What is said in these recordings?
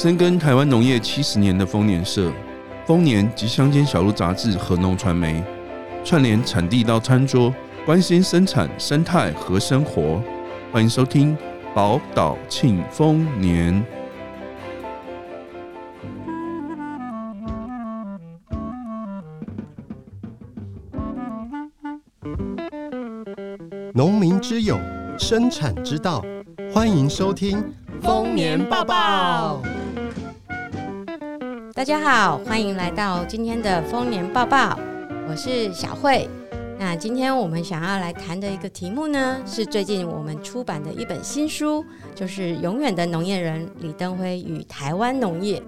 深耕台灣農業七十年的豐年社、豐年及鄉間小路雜誌和農傳媒，串聯產地到餐桌，關心生產、生態和生活。歡迎收聽寶島慶豐年。農民之友，生產之道。歡迎收聽豐年報報。大家好，歡迎來到今天的《豐年報報》，我是小慧。那今天我們想要來談的一個題目呢，是最近我們出版的一本新書，就是《永遠的農業人：李登輝與台灣農業》。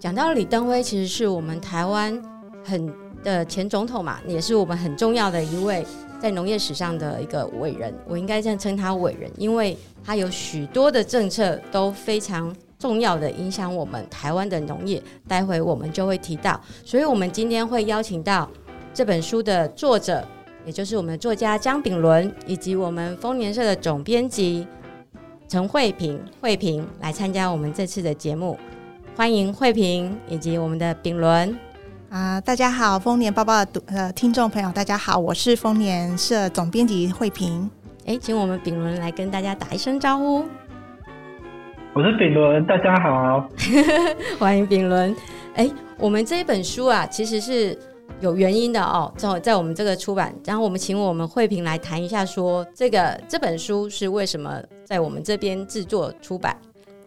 講到李登輝，其實是我們台灣很的，呃，前總統嘛，也是我們很重要的一位在農業史上的一個偉人。我應該這樣稱他偉人，因為他有許多的政策都非常重要的影響我們台灣的農業，待會我們就會提到，所以我們今天會邀請到這本書的作者，也就是我們的作家江昺崙，以及我們豐年社的總編輯陳慧萍，慧萍來參加我們這次的節目。歡迎慧萍以及我們的昺崙。啊、呃，大家好，豐年報報的呃聽眾朋友，大家好，我是豐年社總編輯慧萍。誒、欸，請我們昺崙來跟大家打一聲招呼。我是昺崙，大家好， 歡迎昺崙。哎、欸，我們這一本書啊，其實是有原因的哦。正好在我們這個出版，然後我們請我們慧萍來談一下說，說這個這本書是為什麼在我們這邊制作出版。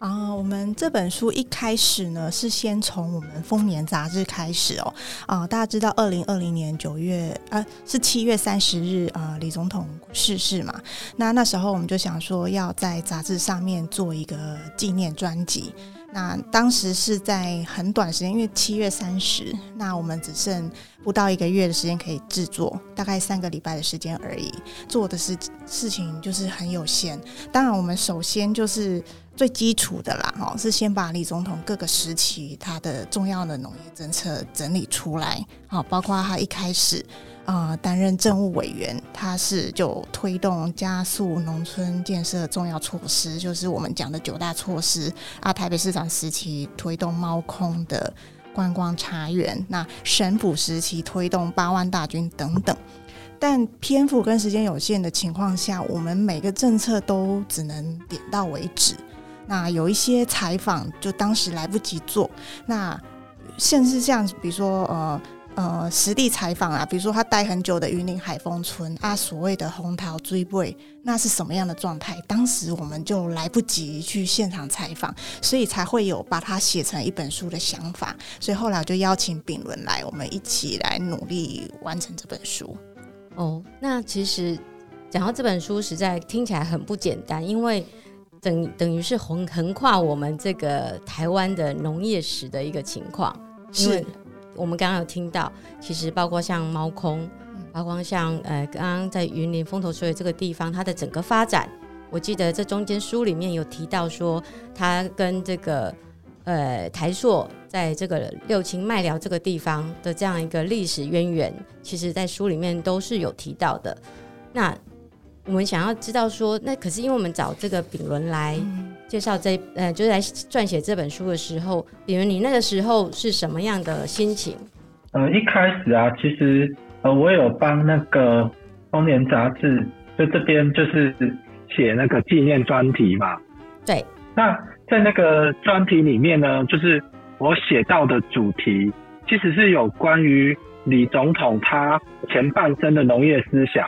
啊、呃，我們這本書一開始呢，是先從我們《豐年》雜誌開始哦、喔。啊、呃，大家知道，二零二零年九月，啊、呃，是七月三十日，呃，李總統逝世嘛。那那時候我們就想說，要在雜誌上面做一個紀念專輯。那當時是在很短時間，因為七月三十，那我們只剩不到一個月的時間可以制作，大概三個禮拜的時間而已。做的是事情就是很有限。當然，我們首先就是最基礎的啦，哦，是先把李總統各個時期他的重要的農業政策整理出來，好，包括他一開始。啊、呃，擔任政務委員，他是就推動加速農村建設重要措施，就是我們講的九大措施。啊，台北市長時期推動貓空的觀光茶園，那省府時期推動八萬大軍等等。但篇幅跟時間有限的情況下，我們每個政策都只能點到為止。那有一些採訪就當時來不及做。那甚至像比如說呃。呃，實地採訪啊，比如說他待很久的雲林海豐村啊，所謂的紅桃追背，那是什麼樣的狀態？當時我們就來不及去現場採訪，所以才會有把它寫成一本書的想法。所以後來我就邀請昺崙來，我們一起來努力完成這本書。哦，那其實講到這本書，實在聽起來很不簡單，因為等等於是橫橫跨我們這個臺灣的農業史的一個情況，是。我們剛剛有聽到，其實包括像貓空，包括像呃，剛剛在雲林風頭水這個地方，它的整個發展，我記得這中間書裡面有提到說，它跟這個呃台塑在這個六輕麥寮這個地方的這樣一個歷史淵源，其實在書裡面都是有提到的。那我們想要知道說，那可是因為我們找這個昺崙來。嗯介紹這呃，就是在撰寫這本書的時候，比如你那個時候是什麼樣的心情？呃，一開始啊，其實呃，我有幫那個《豐年雜誌》就這邊就是寫那個紀念專題嘛。對。那在那個專題裡面呢，就是我寫到的主題其實是有關於李總統他前半生的農業思想，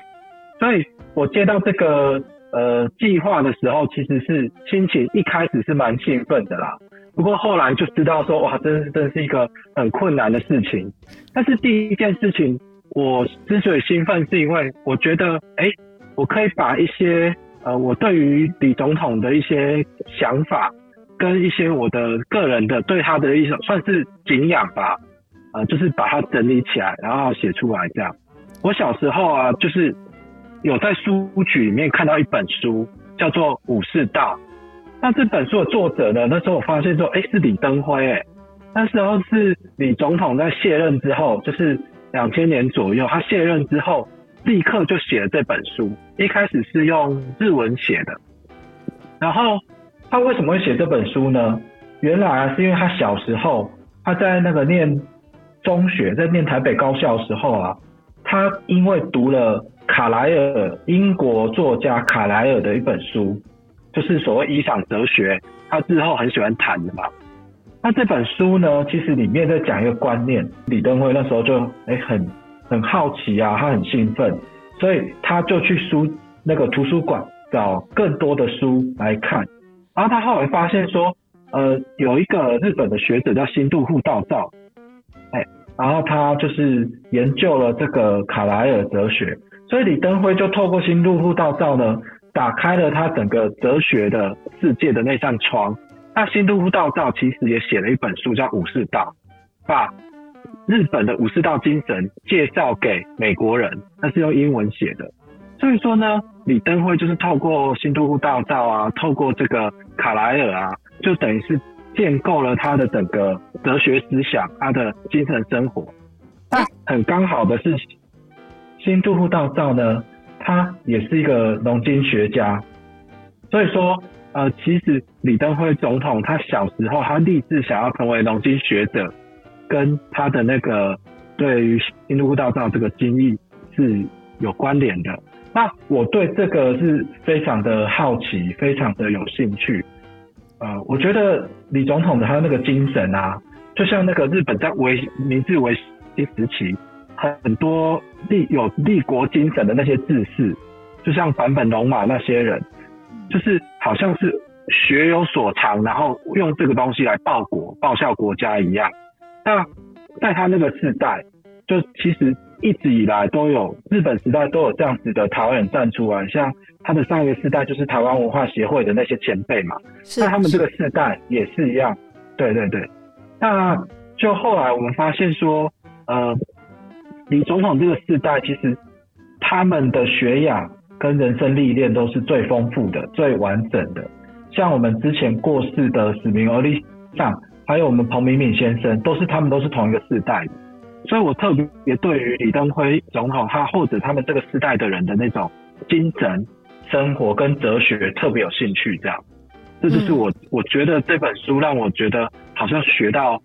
所以我接到這個。呃，計劃的時候其實是心情一開始是蠻興奮的啦，不過後來就知道說哇，真的真的是一個很困難的事情。但是第一件事情，我之所以興奮，是因為我覺得哎、欸，我可以把一些呃，我對於李總統的一些想法，跟一些我的個人的對他的一種算是景仰吧，呃，就是把它整理起來，然後寫出來這樣。我小時候啊，就是。有在書局裡面看到一本書，叫做《武士道》。那這本書的作者呢？那時候我發現說，哎、欸，是李登輝。哎，那時候是李總統在卸任之後，就是兩千年左右，他卸任之後，立刻就寫了這本書。一開始是用日文寫的。然後他為什麼會寫這本書呢？原來啊，是因為他小時候，他在那個念中學，在念台北高校的時候啊，他因為讀了。卡萊爾，英國作家卡萊爾的一本書，就是所謂理想哲學，他之後很喜歡談的嘛。那這本書呢，其實裡面在講一個觀念。李登輝那時候就、欸、很很好奇啊，他很興奮，所以他就去書那個圖書館找更多的書來看。然後他後來發現說，呃，有一個日本的學者叫新渡戶稻造、欸，然後他就是研究了這個卡萊爾哲學。所以李登輝就透過新渡戶稻造呢，打開了他整個哲學的世界的那扇窗。那新渡戶稻造其實也寫了一本書叫《武士道》，把日本的武士道精神介紹給美國人，那是用英文寫的。所以說呢，李登輝就是透過新渡戶稻造啊，透過這個卡萊爾啊，就等於是建構了他的整個哲學思想，他的精神生活。很剛好的事情。新渡戶稻造呢，他也是一個農經學家，所以說，呃，其實李登輝總統他小時候他立志想要成為農經學者，跟他的那個對於新渡戶稻造這個經歷是有關聯的。那我對這個是非常的好奇，非常的有興趣。呃，我覺得李總統的他那個精神啊，就像那個日本在維明治維新時期。很多立有立國精神的那些志士，就像坂本龍馬那些人，就是好像是學有所長，然後用這個東西來報國、報效國家一樣。那在他那個世代，就其實一直以來都有日本時代都有這樣子的台灣人站出來，像他們上一個世代就是台灣文化協會的那些前輩嘛，在他們這個世代也是一樣。對對對，對，那就後來我們發現說，呃。李總統這個世代，其實他們的學養跟人生歷練都是最豐富的、最完整的。像我們之前過世的史明歐里桑，還有我們彭明敏先生，都是他們都是同一個世代的。所以我特別對於李登輝總統他或者他們這個世代的人的那種精神生活跟哲學特別有興趣。這樣、嗯，這就是我我覺得這本書讓我覺得好像學到。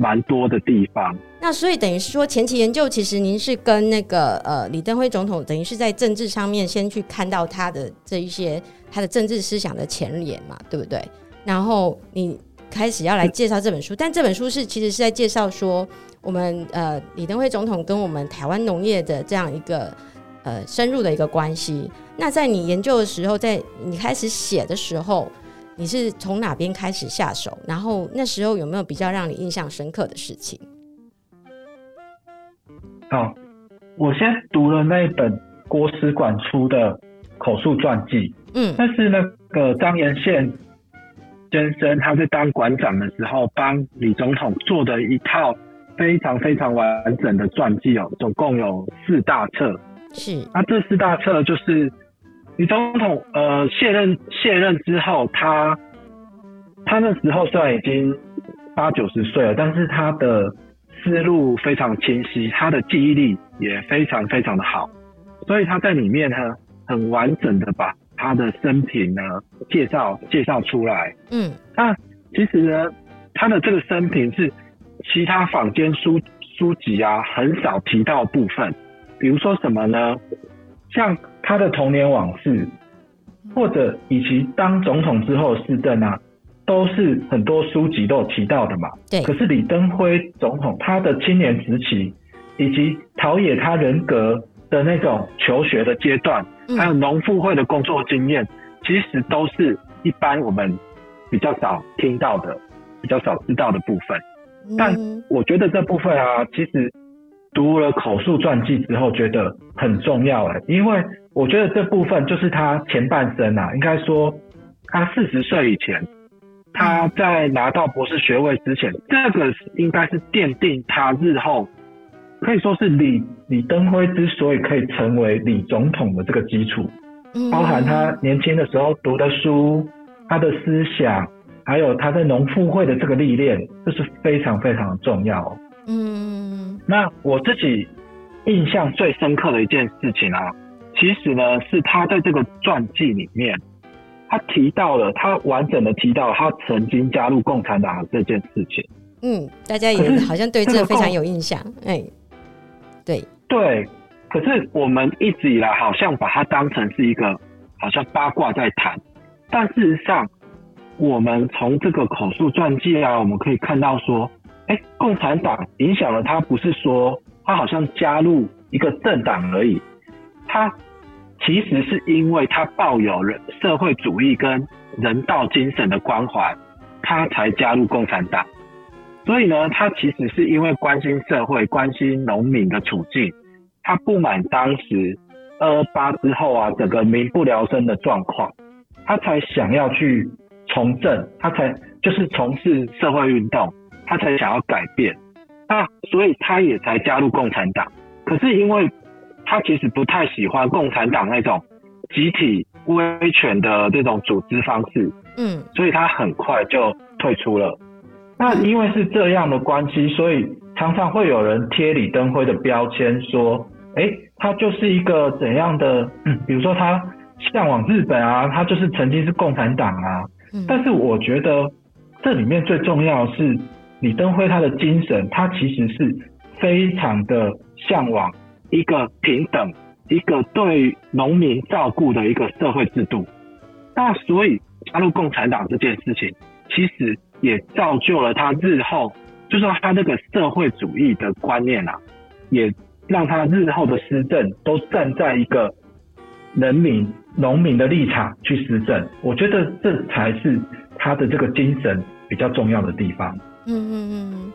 蠻多的地方，那所以等於是說，前期研究其實您是跟那個呃李登輝總統，等於是在政治上面先去看到他的這一些他的政治思想的前沿嘛，對不對？然後你開始要來介紹這本書、嗯，但這本書是其實是在介紹說我們呃李登輝總統跟我們台灣農業的這樣一個呃深入的一個關係。那在你研究的時候，在你開始寫的時候。你是從哪邊開始下手？然後那時候有沒有比較讓你印象深刻的事情？好、哦、我先讀了那本國史館出的口述傳記，嗯，但是那個張炎憲先生他在當館長的時候，幫李總統做的一套非常非常完整的傳記哦，哦總共有四大冊，是，那、啊、這四大冊就是。李總統呃卸任卸任之後，他他那時候雖然已經八九十歲了，但是他的思路非常清晰，他的記憶力也非常非常的好，所以他在裡面呢，很完整的把他的生平呢介紹介紹出來。嗯，那其實呢，他的這個生平是其他坊間書書籍啊很少提到的部分，比如說什麼呢？像他的童年往事，或者以及當總統之後的施政啊，都是很多書籍都有提到的嘛。對。可是李登輝總統他的青年時期，以及陶冶他人格的那種求學的階段，還有農復會的工作經驗、嗯，其實都是一般我們比較少聽到的、比較少知道的部分。但我覺得這部分啊，其實。讀了口述傳記之後，覺得很重要，因為我覺得這部分就是他前半生啊。應該說他四十歲以前，他在拿到博士學位之前，嗯、這個應該是奠定他日後可以說是李李登輝之所以可以成為李總統的這個基礎，包含他年輕的時候讀的書，他的思想，還有他在農復會的這個歷練，這、就是非常非常的重要。嗯，那我自己印象最深刻的一件事情啊，其實呢，是他在這個傳記裡面，他提到了，他完整的提到了他曾經加入共產黨的這件事情。嗯，大家也好像對這個非常有印象，哎，這個共，欸，對對，可是我們一直以來好像把它當成是一個好像八卦在談，但事實上，我們從這個口述傳記啊，我們可以看到說。哎、欸，共產黨影響了他，不是說他好像加入一個政黨而已，他其實是因為他抱有人社會主義跟人道精神的關懷，他才加入共產黨。所以呢，他其實是因為關心社會、關心農民的處境，他不滿當時二二八之後啊，整個民不聊生的狀況，他才想要去從政，他才就是從事社會運動。他才想要改變，那所以他也才加入共產黨。可是因為，他其實不太喜歡共產黨那種集體威權的這種組織方式，嗯，所以他很快就退出了。嗯、那因為是這樣的關係，所以常常會有人貼李登輝的標籤，說，哎、欸，他就是一個怎樣的、嗯？比如說他嚮往日本啊，他就是曾經是共產黨啊、嗯。但是我覺得這裡面最重要的是。李登輝他的精神，他其實是非常的嚮往一個平等、一個對農民照顧的一個社會制度。那所以加入共產黨這件事情，其實也造就了他日後，就是說他那個社會主義的觀念啊，也讓他日後的施政都站在一個人民、農民的立場去施政。我覺得這才是他的這個精神比較重要的地方。嗯嗯嗯，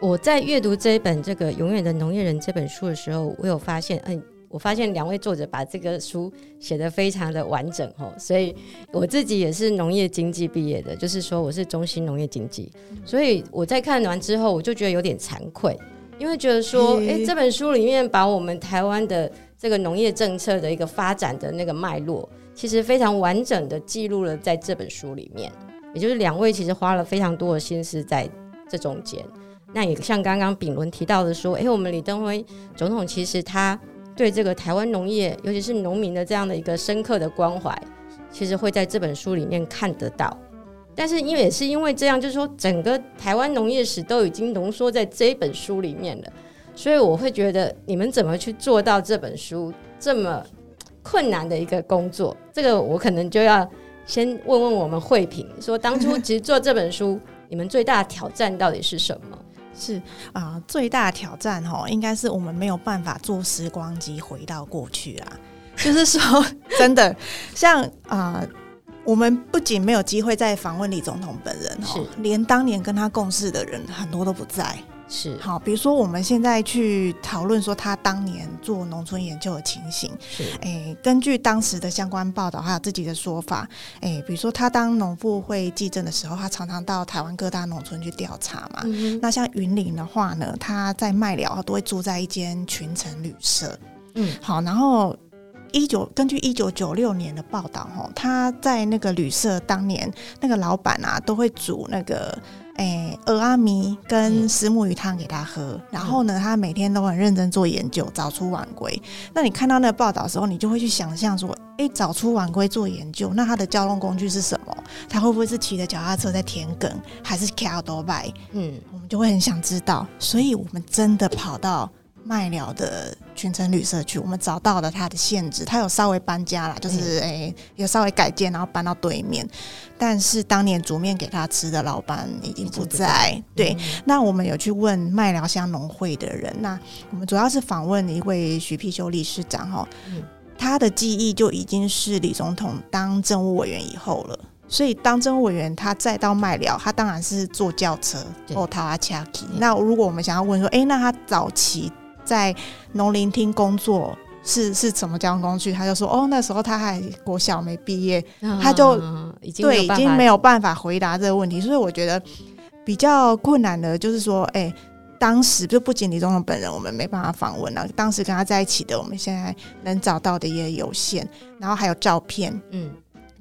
我在閱讀這一本這個《永遠的農業人》這本書的時候，我有發現，嗯、哎，我發現兩位作者把這個書寫的非常的完整哦，所以我自己也是農業經濟畢業的，就是說我是中心農業經濟，所以我在看完之後，我就覺得有點慚愧，因為覺得說，哎、欸，這本書裡面把我們台灣的這個農業政策的一個發展的那個脈絡，其實非常完整的記錄了在這本書裡面，也就是兩位其實花了非常多的心思在。這中間，那也像剛剛昺崙提到的說，哎，我們李登輝總統其實他對這個臺灣農業，尤其是農民的這樣的一個深刻的關懷，其實會在這本書裡面看得到。但是因為也是因為這樣，就是說整個臺灣農業史都已經濃縮在這本書裡面了，所以我會覺得你們怎麼去做到這本書這麼困難的一個工作？這個我可能就要先問問我們慧萍，說當初其實做這本書。 你們最大的挑戰到底是什麼？是啊、呃，最大的挑戰哈，應該是我們沒有辦法坐時光機回到過去啊。就是說， 真的，像啊、呃，我們不僅沒有機會再訪問李總統本人，是，連當年跟他共事的人很多都不在。是好，比如說我們現在去討論說他當年做農村研究的情形，是哎、欸，根據當時的相關報道還有自己的說法，哎、欸，比如說他當農復會技正的時候，他常常到台灣各大農村去調查嘛。嗯、那像雲林的話呢，他在麥寮，他都會住在一間群臣旅社。嗯，好，然後一九根據一九九六年的報道，哈，他在那個旅社當年那個老闆啊，都會煮那個。哎、欸，阿米跟虱目魚湯給他喝，嗯，然後呢，他每天都很認真做研究，早出晚歸。那你看到那個報道的時候，你就會去想象說，哎、欸，早出晚歸做研究，那他的交通工具是什麼？他會不會是騎着腳踏車在田埂，還是騎阿多拜？嗯，我們就會很想知道。所以我們真的跑到。麥寮的群程旅社區，我們找到了他的限制，他有稍微搬家了，就是哎、欸欸，有稍微改建，然後搬到對面。但是當年煮麵給他吃的老闆已經不在。欸、不在對，嗯，那我們有去問麥寮鄉農會的人，那我們主要是訪問一位徐屁修理事長哈，他的記憶就已經是李總統當政務委員以後了。所以當政務委員，他再到麥寮，他當然是坐轎車或桃花。那如果我們想要問說，哎、欸，那他早期在農林廳工作是是什麼交通工具？他就說：“哦，那時候他還國小沒畢業，他就、嗯、已經對，已經沒有辦法回答這個問題。”所以我覺得比較困難的就是說，哎，當時就不僅李登輝本人，我們沒辦法訪問了、啊。當時跟他在一起的，我們現在能找到的也有限，然後還有照片，嗯，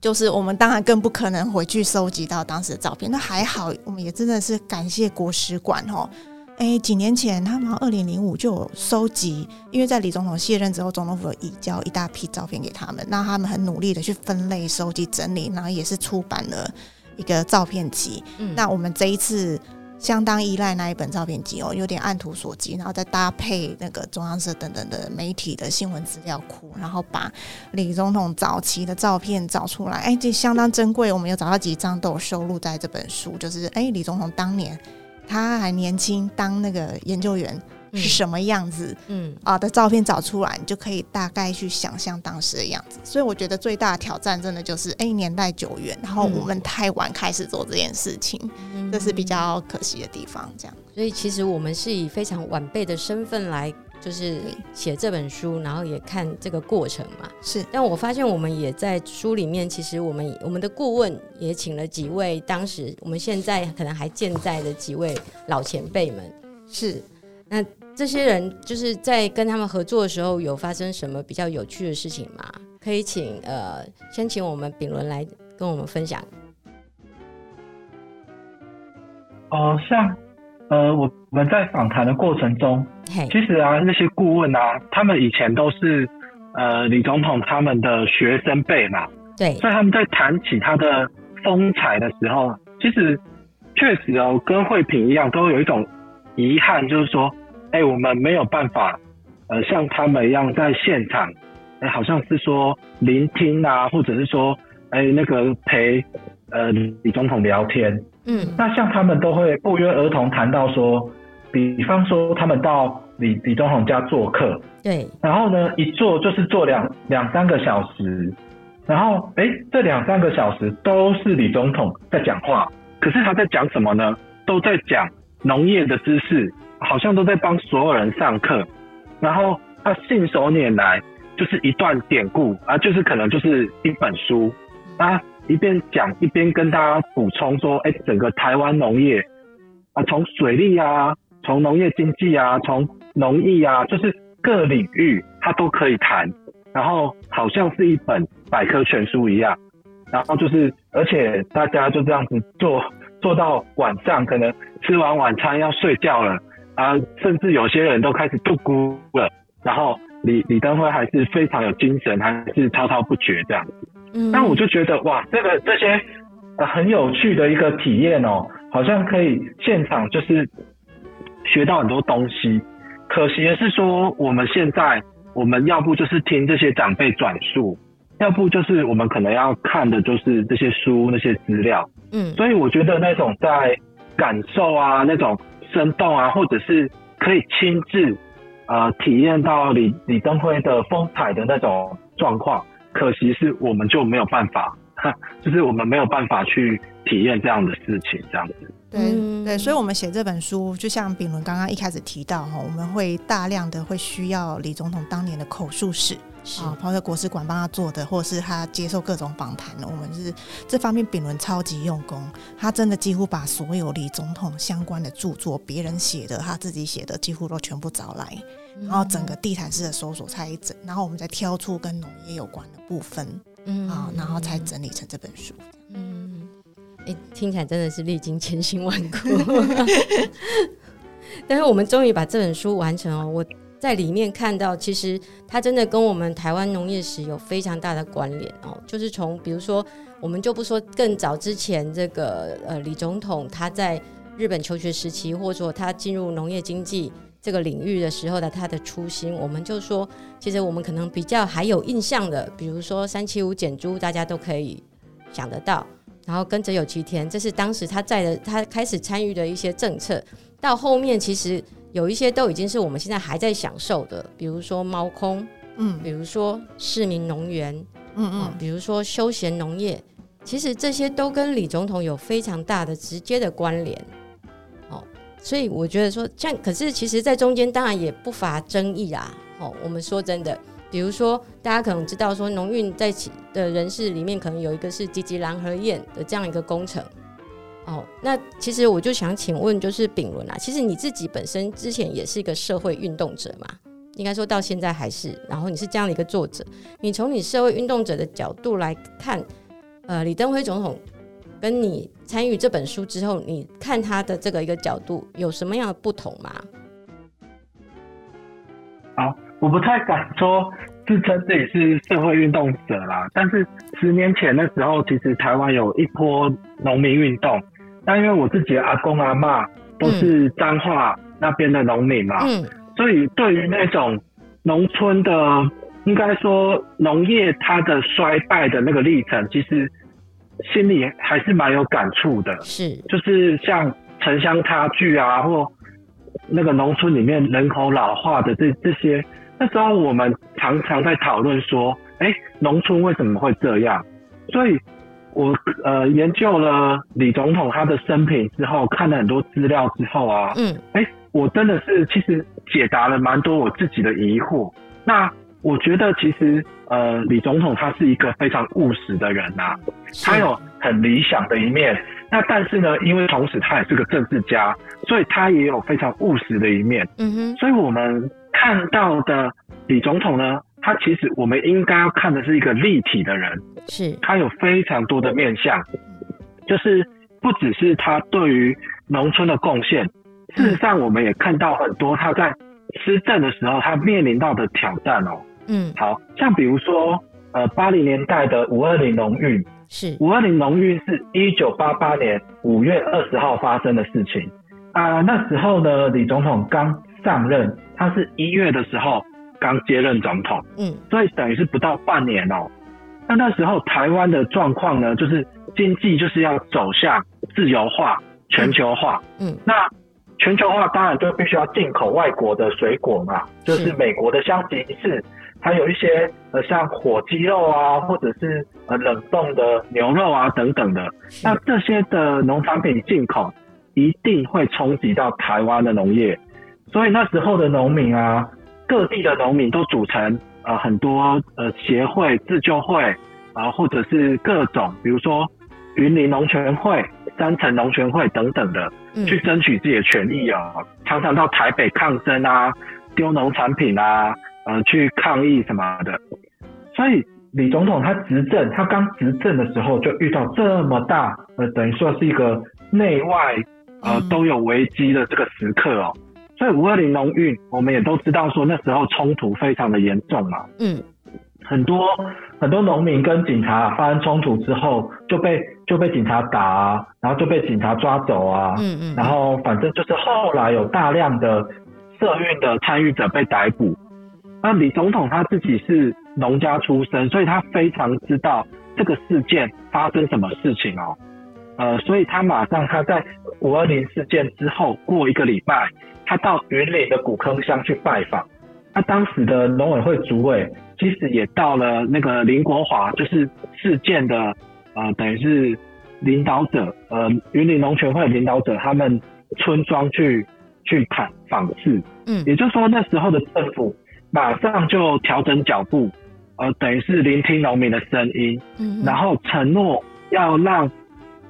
就是我們當然更不可能回去收集到當時的照片。那還好，我們也真的是感謝國史館哈、哦。哎、欸，幾年前他們好像二零零五就有收集，因為在李總統卸任之後，總統府有移交一大批照片給他們，那他們很努力的去分類、收集、整理，然後也是出版了一個照片集。嗯，那我們這一次相當依賴那一本照片集哦，有點按圖索驥，然後再搭配那個中央社等等的媒體的新聞資料庫，然後把李總統早期的照片找出來。哎、欸，這相當珍貴，我們有找到幾張都有收錄在這本書，就是哎、欸，李總統當年。他還年輕，當那個研究員是什麼樣子，嗯啊、嗯呃、的照片找出來，你就可以大概去想象當時的樣子。所以我覺得最大的挑戰真的就是，哎，年代久遠，然後我們太晚開始做這件事情、嗯，這是比較可惜的地方。這樣，所以其實我們是以非常晚輩的身份來。就是寫這本書，然後也看這個過程嘛。是，但我發現我們也在書裡面，其實我們我們的顧問也請了幾位，當時我們現在可能還健在的幾位老前輩們。是，那這些人就是在跟他們合作的時候，有發生什麼比較有趣的事情嗎？可以請呃，先請我們昺崙來跟我們分享。哦，是啊。呃，我我們在訪談的過程中，其實啊，那些顧問啊，他們以前都是呃李總統他們的學生輩嘛，對，所以他們在談起他的風采的時候，其實確實哦，跟慧萍一樣，都有一種遺憾，就是說，哎，我們沒有辦法呃像他們一樣在現場，哎，好像是說聆聽啊，或者是說，哎，那個陪呃李總統聊天。嗯，那像他們都會不約而同談到說，比方說他們到李李總統家做客，對，然後呢一坐就是坐兩兩三個小時，然後誒、欸，這兩三個小時都是李總統在講話，可是他在講什麼呢？都在講農業的知識，好像都在幫所有人上課，然後他信手拈來就是一段典故啊，就是可能就是一本書啊。一邊講一邊跟大家補充說：“哎、欸，整個台灣農業啊，從水利啊，從農業經濟啊，從農藝啊，就是各領域他都可以談。然後好像是一本百科全書一樣。然後就是，而且大家就這樣子做做到晚上，可能吃完晚餐要睡覺了啊，甚至有些人都開始不咕了。然後李李登輝還是非常有精神，還是滔滔不絕這樣子。”那我就覺得哇，這、那個這些、呃、很有趣的一個體驗哦、喔，好像可以現場就是學到很多東西。可惜的是說，我們現在我們要不就是聽這些長輩轉述，要不就是我們可能要看的就是這些書那些資料。嗯，所以我覺得那種在感受啊、那種生動啊，或者是可以親自呃體驗到李李登輝的風采的那種狀況。可惜是我們就沒有辦法，哈，就是我們沒有辦法去體驗這樣的事情，這樣子。對對，所以我們寫這本書，就像昺崙剛剛一開始提到哈，我們會大量的會需要李總統當年的口述史，啊，包括國史館幫他做的，或者是他接受各種訪談，我們是這方面昺崙超級用功，他真的幾乎把所有李總統相關的著作，別人寫的、他自己寫的，幾乎都全部找來，然後整個地毯式的搜索，才一整，然後我們再挑出跟農業有關的部分，啊，然後才整理成這本書。嗯。哎，聽起來真的是歷經千辛萬苦，但是我們終於把這本書完成哦。我在裡面看到，其實它真的跟我們臺灣農業史有非常大的關聯哦。就是從比如說，我們就不說更早之前這個呃，李總統他在日本求學時期，或者說他進入農業經濟這個領域的時候的他的初心，我們就說，其實我們可能比較還有印象的，比如說三七五減租，大家都可以想得到。然後耕者有其田，這是當時他在的，他開始參與的一些政策。到後面其實有一些都已經是我們現在還在享受的，比如說貓空，嗯，比如說市民農園，嗯嗯，嗯，比如說休閒農業，其實這些都跟李總統有非常大的直接的關聯。哦，所以我覺得說像，像可是其實在中間當然也不乏爭議啊。哦，我們說真的。比如說，大家可能知道說，農運在一起的人士裡面，可能有一個是吉吉蘭和燕的這樣一個工程。哦，那其實我就想請問，就是昺崙啊，其實你自己本身之前也是一個社會運動者嘛，應該說到現在還是，然後你是這樣的一個作者，你從你社會運動者的角度來看，呃，李登輝總統跟你參與這本書之後，你看他的這個一個角度有什麼樣的不同嗎？好、啊。我不太敢說自稱自己是社會運動者啦，但是十年前那時候，其實臺灣有一波農民運動。但因為我自己的阿公阿媽都是彰化那邊的農民嘛，嗯，所以對於那種農村的，嗯，應該說農業它的衰敗的那個歷程，其實心裡還是蠻有感觸的。是，就是像城鄉差距啊，或那個農村裡面人口老化的這這些。那時候我們常常在討論說，哎、欸，農村為什麼會這樣？所以我，我呃研究了李總統他的生平之後，看了很多資料之後啊，嗯，哎，我真的是其實解答了蠻多我自己的疑惑。那我覺得其實呃，李總統他是一個非常務實的人吶、啊，他有很理想的一面。那但是呢，因為同時他也是個政治家，所以他也有非常務實的一面。嗯嗯。所以我們看到的李總統呢，他其實我們應該要看的是一個立體的人，是他有非常多的面向，就是不只是他對於農村的貢獻，嗯。事實上，我們也看到很多他在施政的時候，他面臨到的挑戰哦。嗯，好，像比如說呃八零年代的五二零農運。是五二零農運是一九八八年五月二十號發生的事情啊。呃，那時候呢，李總統剛上任，他是一月的時候剛接任總統，嗯，所以等於是不到半年哦。喔。那那時候台灣的狀況呢，就是經濟就是要走向自由化，嗯，全球化嗯，嗯，那全球化當然就必須要進口外國的水果嘛，就是美國的香吉士。還有一些呃，像火雞肉啊，或者是冷凍的牛肉啊等等的，那這些的農產品進口一定會衝擊到台灣的農業，所以那時候的農民啊，各地的農民都組成呃很多呃協會、自救會啊，或者是各種，比如說雲林農權會、山城農權會等等的，去爭取自己的權益啊，常常到台北抗爭啊，丟農產品啊。呃，去抗議什麼的，所以李總統他執政，他剛執政的時候就遇到這麼大，呃，等於說是一個內外呃，嗯，都有危機的這個時刻哦。所以五二零農運，我們也都知道說那時候衝突非常的嚴重嘛，嗯，很多很多農民跟警察發生衝突之後就被就被警察打啊，然後就被警察抓走啊，嗯嗯，嗯，然後反正就是後來有大量的社運的參與者被逮捕。那李總統他自己是農家出身，所以他非常知道這個事件發生什麼事情哦。呃，所以他馬上他在五二零事件之後過一個禮拜，他到雲林的古坑鄉去拜訪。那當時的農委會主委其實也到了那個林國華，就是事件的呃，等於是領導者呃，雲林農權會領導者他們村莊去去談訪視。嗯，也就是說那時候的政府。馬上就調整腳步，呃，等於是聆聽農民的聲音，嗯，然後承諾要讓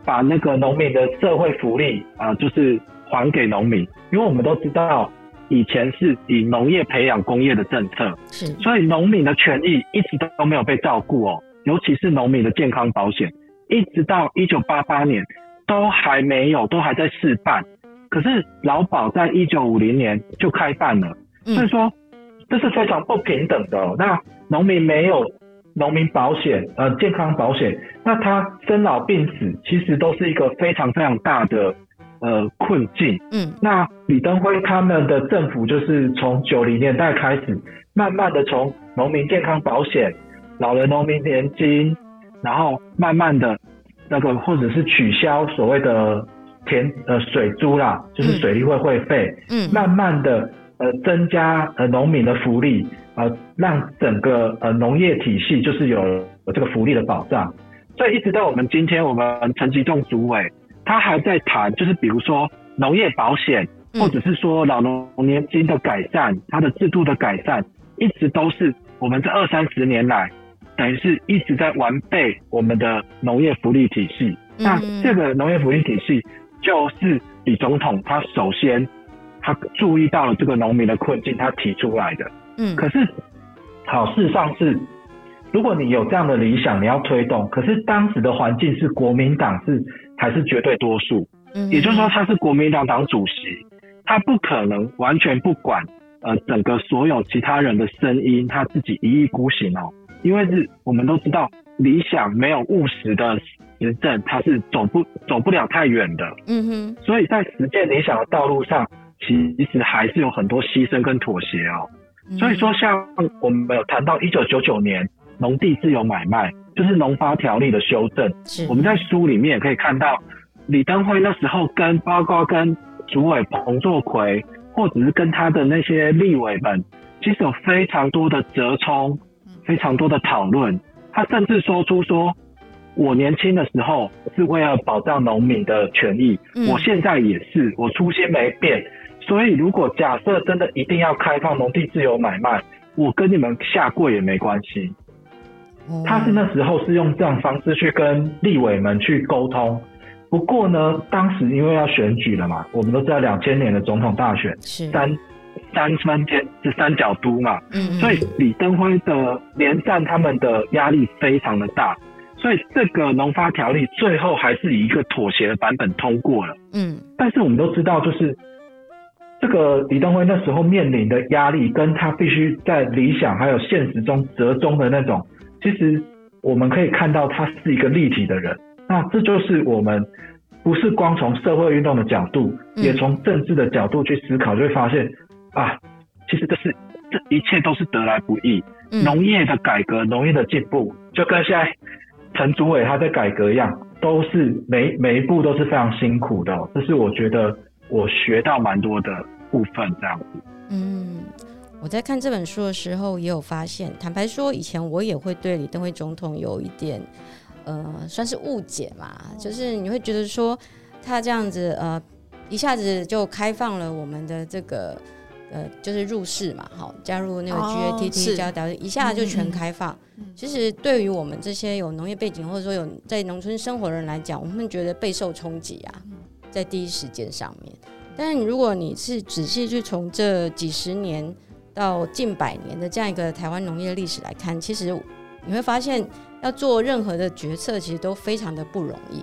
把那個農民的社會福利啊，呃，就是還給農民，因為我們都知道以前是以農業培養工業的政策，是，所以農民的權益一直都沒有被照顧哦，尤其是農民的健康保險，一直到一九八八年都還沒有，都還在試辦，可是勞保在一九五零年就開辦了，嗯，所以說。這是非常不平等的。那農民沒有農民保險，呃，健康保險，那他生老病死其實都是一個非常非常大的呃困境。嗯，那李登輝他們的政府就是從九零年代開始，慢慢的從農民健康保險、老人農民年金，然後慢慢的那個或者是取消所謂的田呃水租啦，就是水利會會費，嗯，嗯，慢慢的。呃，增加呃農民的福利，呃，讓整個呃農業體系就是有這個福利的保障。所以，一直到我們今天我們陳吉仲主委，他還在談，就是比如說農業保險，或者是說老農年金的改善，它的制度的改善，一直都是我們這二三十年來，等於是一直在完備我們的農業福利體系。那這個農業福利體系，就是李總統他首先。他注意到了這個農民的困境，他提出來的。嗯，可是好，事實上是，如果你有這樣的理想，你要推動，可是當時的環境是國民黨是還是絕對多數，嗯，也就是說他是國民黨黨主席，他不可能完全不管呃整個所有其他人的聲音，他自己一意孤行哦，喔，因為是我們都知道，理想沒有務實的執政，他是走不走不了太遠的，嗯，所以在實踐理想的道路上。其實還是有很多犧牲跟妥協哦，所以說像我們有談到一九九九年農地自由買賣，就是農發條例的修正，我們在書裡面也可以看到，李登輝那時候跟包括跟主委彭作奎，或者是跟他的那些立委們，其實有非常多的折衝，非常多的討論。他甚至說出說，我年輕的時候是為了保障農民的權益，我現在也是，我初心沒變。所以，如果假設真的一定要開放農地自由買賣，我跟你們下跪也沒關係。他是那時候是用這樣方式去跟立委們去溝通。不過呢，當時因為要選舉了嘛，我們都知道兩千年的總統大選，三三三川天是三角都嘛，嗯，嗯，所以李登輝的連戰他們的壓力非常的大，所以這個農發條例最後還是以一個妥協的版本通過了。嗯，但是我們都知道就是。這個李登輝那時候面臨的壓力，跟他必須在理想還有現實中折中的那種，其實我們可以看到他是一個立體的人。那這就是我們不是光從社會運動的角度，也從政治的角度去思考，就會發現、嗯、啊，其實這是這一切都是得來不易。農業的改革、農業的進步，就跟現在陳主委他在改革一樣，都是每每一步都是非常辛苦的。這是我覺得。我學到蠻多的部分這樣子，嗯，我在看這本書的時候，也有發現。坦白說，以前我也會對李登輝總統有一點，呃，算是誤解嘛、哦，就是你會覺得說他這樣子，呃，一下子就開放了我們的這個，呃，就是入世嘛，好，加入那個 GATT 交、交、哦、a 一下就全開放。嗯、其實對於我們這些有農業背景，或者說有在農村生活的人來講，我們覺得備受衝擊啊。嗯在第一時間上面，但如果你是仔細去從這幾十年到近百年的這樣一個台灣農業歷史來看，其實你會發現要做任何的決策，其實都非常的不容易，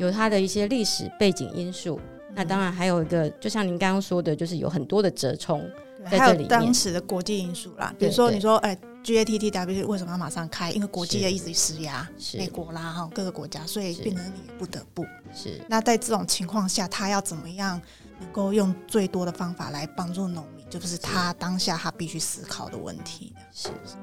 有它的一些歷史背景因素，嗯。那當然還有一個，就像您剛剛說的，就是有很多的折衝，在這裡面。還有當時的國際因素啦，對對對。比如說你說哎，欸 GATTW 為什麼要馬上開？因為國際也一直施壓，美國啦哈，各個國家，所以變成你不得不。是。那在這種情況下，他要怎麼樣能夠用最多的方法來幫助農民，就是他當下他必須思考的問題是。是。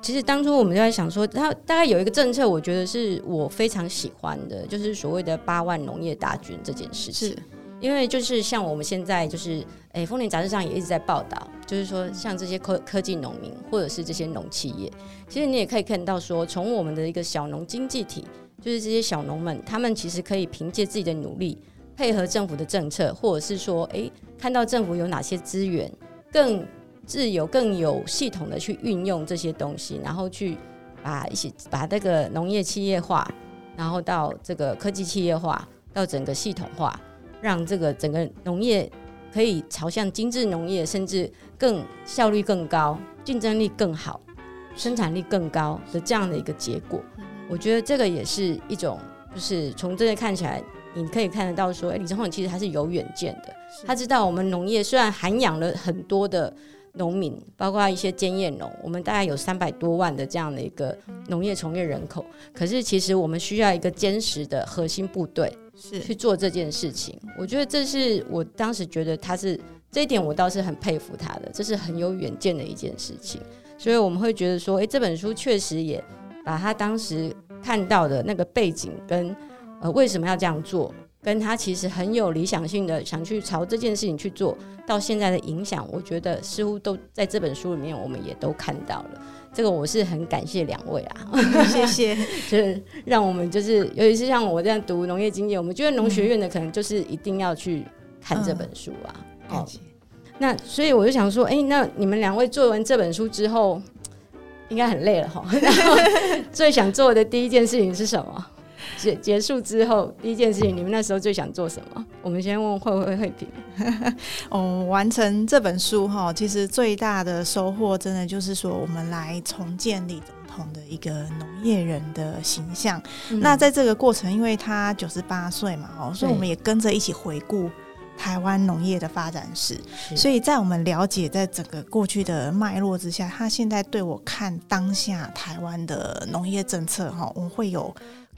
其實當初我們就在想說，他大概有一個政策，我覺得是我非常喜歡的，就是所謂的八萬農業大軍這件事情。因為就是像我們現在就是誒、欸，《豐年雜誌》上也一直在報道，就是說像這些科科技農民或者是這些農企業，其實你也可以看到說，從我們的一個小農經濟體，就是這些小農們，他們其實可以憑借自己的努力，配合政府的政策，或者是說誒、欸，看到政府有哪些資源更自由、更有系統的去運用這些東西，然後去把一些把這個農業企業化，然後到這個科技企業化，到整個系統化。讓這個整個農業可以朝向精緻農業，甚至更效率更高，競爭力更好、生產力更高的這樣的一個結果，我覺得這個也是一種，就是從這些看起來，你可以看得到說，哎、欸，李總統其實他是有遠見的，他知道我們農業雖然涵養了很多的農民，包括一些兼業農，我們大概有三百多萬的這樣的一個農業從業人口，可是其實我們需要一個堅實的核心部隊。是去做這件事情，我覺得這是我當時覺得他是這一點，我倒是很佩服他的，這是很有遠見的一件事情。所以我們會覺得說，哎，這本書確實也把他當時看到的那個背景跟呃為什麼要這樣做。跟他其實很有理想性的，想去朝這件事情去做，到現在的影響，我覺得似乎都在這本書裡面，我們也都看到了。這個我是很感謝兩位啊、嗯，謝謝， 就是讓我們就是尤其是像我這樣讀農業經濟，我們覺得農學院的可能就是一定要去看這本書啊、嗯。謝、嗯、謝。Oh, 那所以我就想說，哎、欸，那你們兩位做完這本書之後，應該很累了哈。 然後最想做的第一件事情是什麼？結結束之後，第一件事情，你們那時候最想做什麼？我們先問，問會不會慧萍。哦、 嗯，完成這本書哈，其實最大的收穫，真的就是說，我們來重建李總統的一個農業人的形象、嗯。那在這個過程，因為他九十八歲嘛，哦，所以我們也跟着一起回顧台灣農業的發展史。所以在我們了解在整個過去的脈絡之下，他現在對我看當下台灣的農業政策哈，我們會有。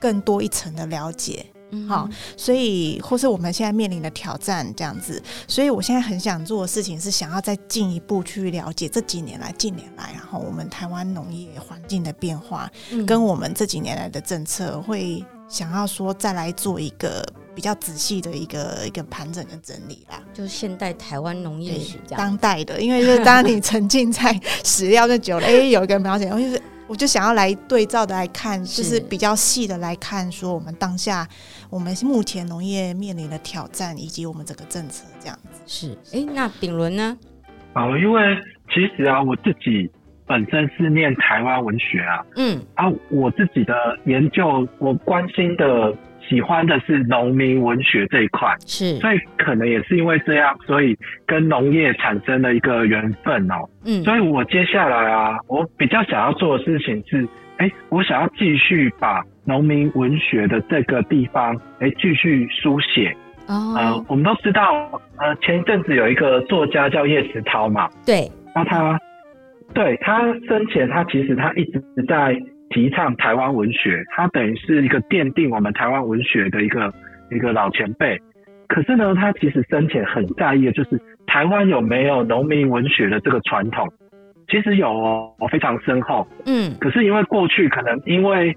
更多一層的了解，好、嗯哦，所以或是我們現在面臨的挑戰這樣子，所以我現在很想做的事情是想要再進一步去了解這幾年來，近年來，然後我們台灣農業環境的變化、嗯，跟我們這幾年來的政策，會想要說再來做一個比較仔細的一個一個盤整跟整理啦，就是現代台灣農業是這樣當代的，因為就是當你沉浸在史料那久了，哎、 欸，有一個描寫，簡單就是。我就想要來對照的來看，就是比較細的來看，說我們當下我們目前農業面臨的挑戰，以及我們整個政策這樣子。是，哎、欸，那昺崙呢？哦、啊，因為其實啊，我自己本身是念台灣文學啊，嗯，啊，我自己的研究，我關心的。喜歡的是農民文學這一塊，是，所以可能也是因為這樣，所以跟農業產生了一個緣分哦、喔。嗯，所以我接下來啊，我比較想要做的事情是，哎、欸，我想要繼續把農民文學的這個地方，哎、欸，繼續書寫。啊、oh. 呃，我們都知道，呃，前一陣子有一個作家叫葉石濤嘛，對，他，嗯、對他生前，他其實他一直在。提倡台灣文學，他等於是一個奠定我們台灣文學的一個一個老前輩。可是呢，他其實生前很在意的就是台灣有沒有農民文學的這個傳統。其實有哦，非常深厚。嗯。可是因為過去可能因為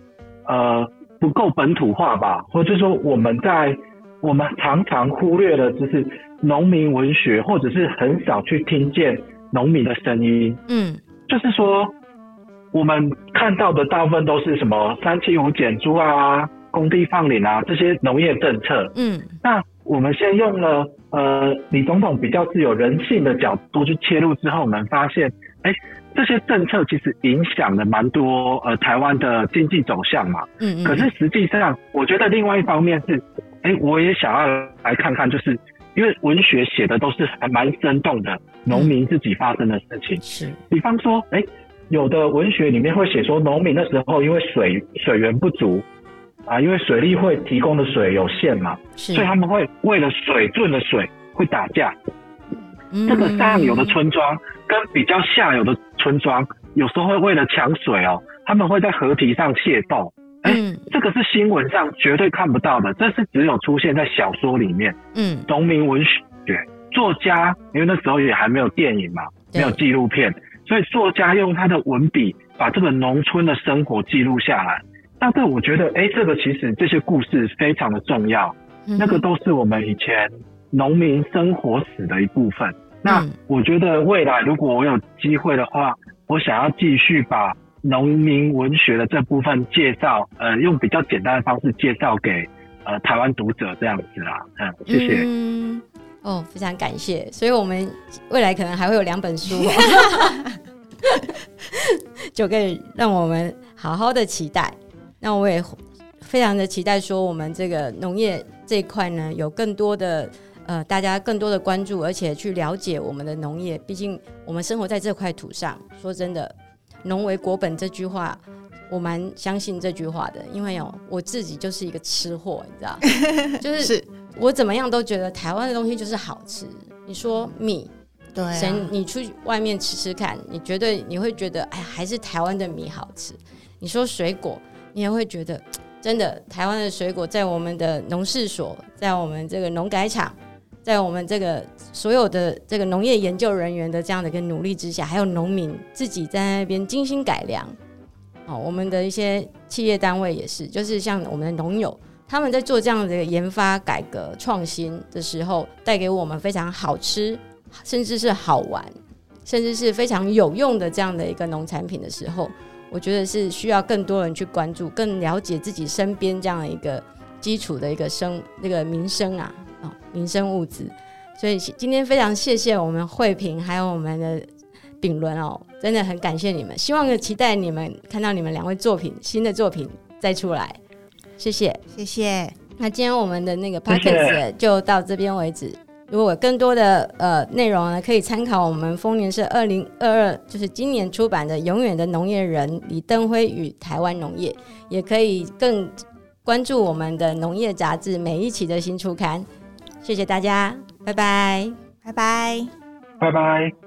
呃不夠本土化吧，或者是說我們在我們常常忽略的，就是農民文學，或者是很少去聽見農民的聲音。嗯，就是說。我們看到的大部分都是什麼三七五減租啊、耕地放領啊這些農業政策。嗯，那我們先用了呃，李總統比較具有人性的角度去切入之後，我們發現，哎、欸，這些政策其實影響了蠻多呃台灣的經濟走向嘛。嗯嗯。可是實際上，我覺得另外一方面是，哎、欸，我也想要來看看，就是因為文學寫的都是還蠻生動的農民自己發生的事情。是，比方說，哎、欸。有的文學裡面會寫說，農民那時候因為水水源不足，啊，因為水利會提供的水有限嘛，所以他們會為了水，為了水會打架、嗯。這個上游的村莊跟比較下游的村莊，有時候會為了搶水哦、喔，他們會在河堤上械鬥。哎、欸嗯，這個是新聞上絕對看不到的，這是只有出現在小說裡面。嗯，農民文學作家，因為那時候也還沒有電影嘛，沒有紀錄片。所以作家用他的文筆把這個農村的生活記錄下來，但是我覺得，哎、欸，這個其實這些故事非常的重要，嗯、那個都是我們以前農民生活史的一部分。那我覺得未來如果我有機會的話，嗯、我想要繼續把農民文學的這部分介紹，呃，用比較簡單的方式介紹給呃台灣讀者這樣子啦，嗯，謝謝。嗯哦、oh，非常感謝。所以，我們未來可能還會有兩本書， 就可以讓我們好好的期待。那我也非常的期待，說我們這個農業這一塊呢，有更多的呃，大家更多的關注，而且去了解我們的農業。畢竟，我們生活在這塊土上。說真的，“農為國本”這句話，我蠻相信這句話的，因為有我自己就是一個吃貨，你知道， 就是。是我怎麼樣都覺得台灣的東西就是好吃。你說米，嗯、對、啊，你出去外面吃吃看，你絕對你會覺得，哎，還是台灣的米好吃？你說水果，你也會覺得，真的，台灣的水果在我們的農事所，在我們這個農改場，在我們這個所有的這個農業研究人員的這樣的一個努力之下，還有農民自己在那邊精心改良。好，我們的一些企業單位也是，就是像我們的農友。他們在做這樣的一個研發、改革創新的時候，帶給我們非常好吃，甚至是好玩，甚至是非常有用的這樣的一個農產品的時候，我覺得是需要更多人去關注，更了解自己身邊這樣的一個基礎的一個生那、這個民生啊，哦，民生物資。所以今天非常謝謝我們慧萍還有我們的昺崙哦，真的很感謝你們，希望也期待你們看到你們兩位作品新的作品再出來。謝謝，謝謝。那今天我們的那個 podcast 就到這邊為止。如果更多的呃內容呢，可以參考我們豐年社二零二二，就是今年出版的《永遠的農業人：李登輝與台灣農業》，也可以更關注我們的農業雜誌每一期的新出刊。謝謝大家，拜拜，拜拜，拜拜。